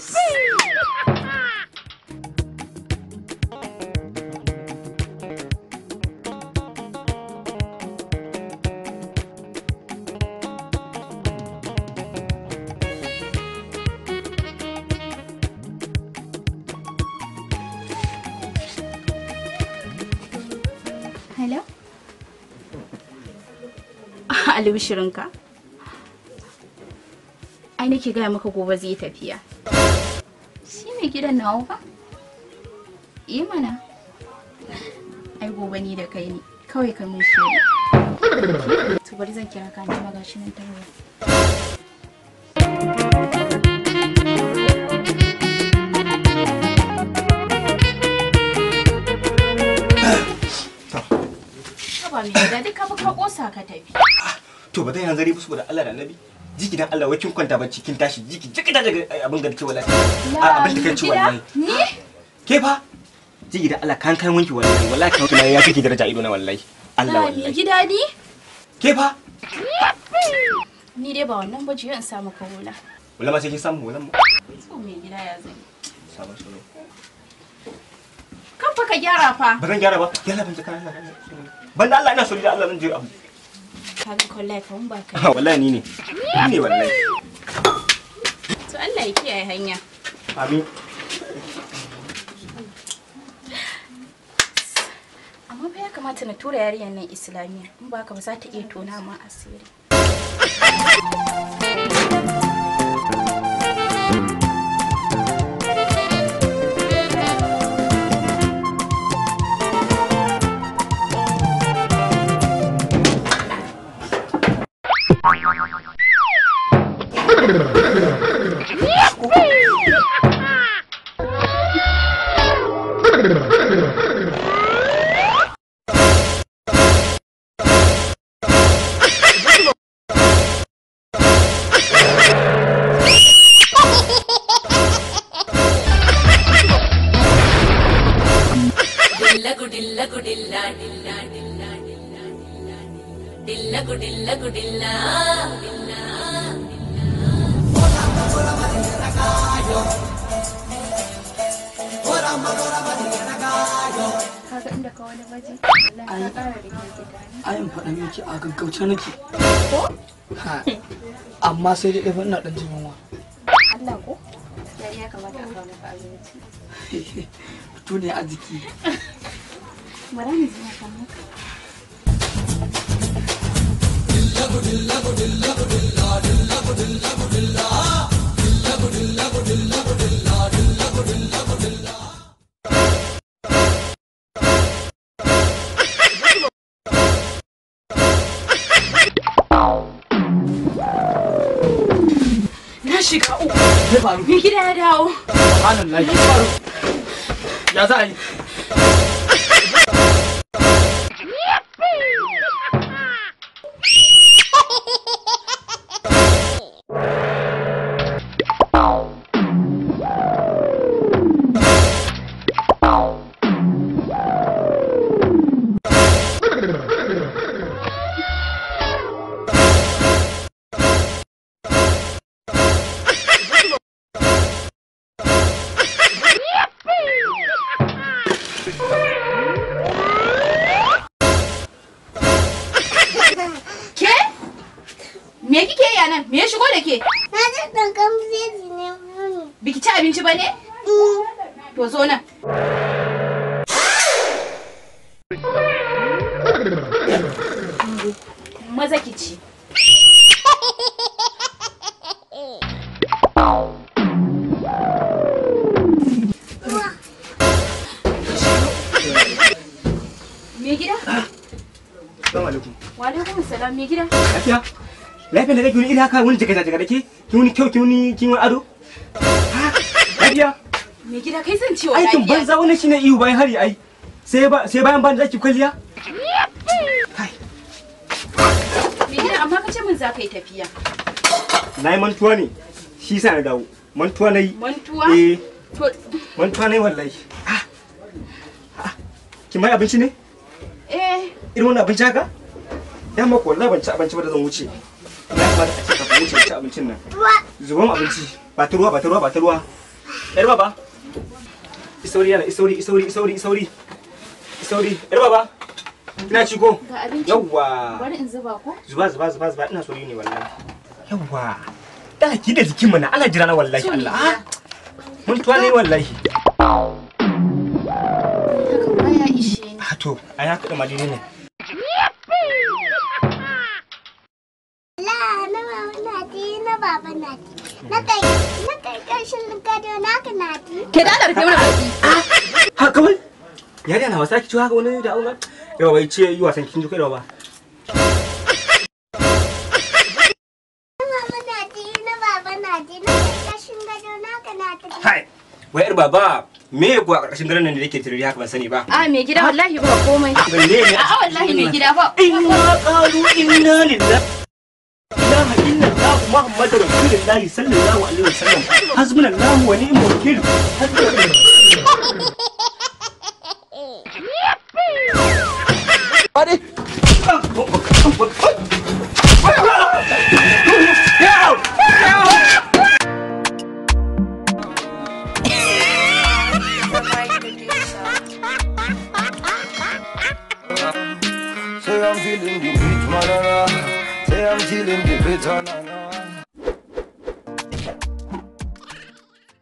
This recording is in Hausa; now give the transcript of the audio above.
Yes! Hello? Ai nake gaya maka gobe zai tafiya. ne gidan nawa fa eh mana ai gobe ni da kai ne kawai ka mun shi to bari zan kira ka ga shi nan ta Ba mai gida duk ka bi ka kosa ka tafi. Ah, to ba zan yi nazari ba saboda Allah da Annabi. jiki dan Allah wai kin kwanta bacci kin tashi jiki jiki ta daga eh, abin kike wallahi a abin da kai wallahi ni ke fa jiki dan Allah kan kan wanki wallahi wallahi kan kuma ya kike daraja ido na wallahi Allah wallahi gida ni ke fa ni dai ba wannan ba jiya in samu kawula wallahi ma sai kin samu wallahi ko me gida ya zai sabar solo kan fa ka gyara fa ba zan gyara ba yalla ban tsakanin kana ban da Allah ina so da Allah zan je abu kaga kwallaye fa ba kai wallahi ni ne ni ne wallahi to Allah ya kiyaye hanya amin amma fa ya kamata na tura yarinyar nan islamiyya in ba ka ba za ta iya tona ma asiri ayin faɗa miki a gaggauce nake amma sai dai a jiki dillabu dillabu dillabu dillabu dillabu dillabu dillabu na shiga uku. Ya faru. Gida ya dawo. Subhanallah. Ya za a yi? nan? Me ya shigo da ke? Na ji dankan biredi ne Biki ci abinci ba ne? Mm. To zo nan. Maza ki ci. Me gida? alaikum. Wa alaikum salam me gida? Lafiya. Lafiya da kake wani ina haka wani jaka jaka dake? Ki wani kyau ki wani ki wani ado? Lafiya? Me gida kai san ciwo lafiya. Aikin banza wannan shine ihu bayan hari ai. Sai ba sai bayan ban zaki kwalliya? Kai. Me gida amma ka ce min za ka yi tafiya. Na yi mantuwa ne. Shi sa na dawo. Mantuwa na yi. Mantuwa? Eh. Mantuwa na yi wallahi. Kin bai abinci ne? Eh. Irin wani abinci haka? Dama ko wallahi ban ci abinci ba da zan wuce. ya kamata a ce ka fahimci ci abincin nan zuban abinci ba ta ruwa ba ta ruwa ba ta ruwa yar baba isauri yana isauri isauri isauri isauri isauri yar baba ina ci ko yawwa bari in zuba ko zuba zuba zuba zuba ina so ne wallahi yawwa da ki da jikin mana ana jira na wallahi Allah mun tuwa ne wallahi to a ya kaɗa madini ne baba nati na kai na kai karshen gado naka nati ke da karfe mana baki ah, ha kawai yari na wasa ki ci haka wani da auna yawa bai ce yi wasan kin ji kai da ba Hai, wai yar baba me ya kuwa ƙarƙashin garin nan da yake tiriri haka ban sani ba. A ah, me gida wallahi ba komai. A ah, wallahi me gida ba. Inna qalu inna lillahi. ilaha illallah muhammadu I'm feeling the beat, manana I'm killing the bitterness.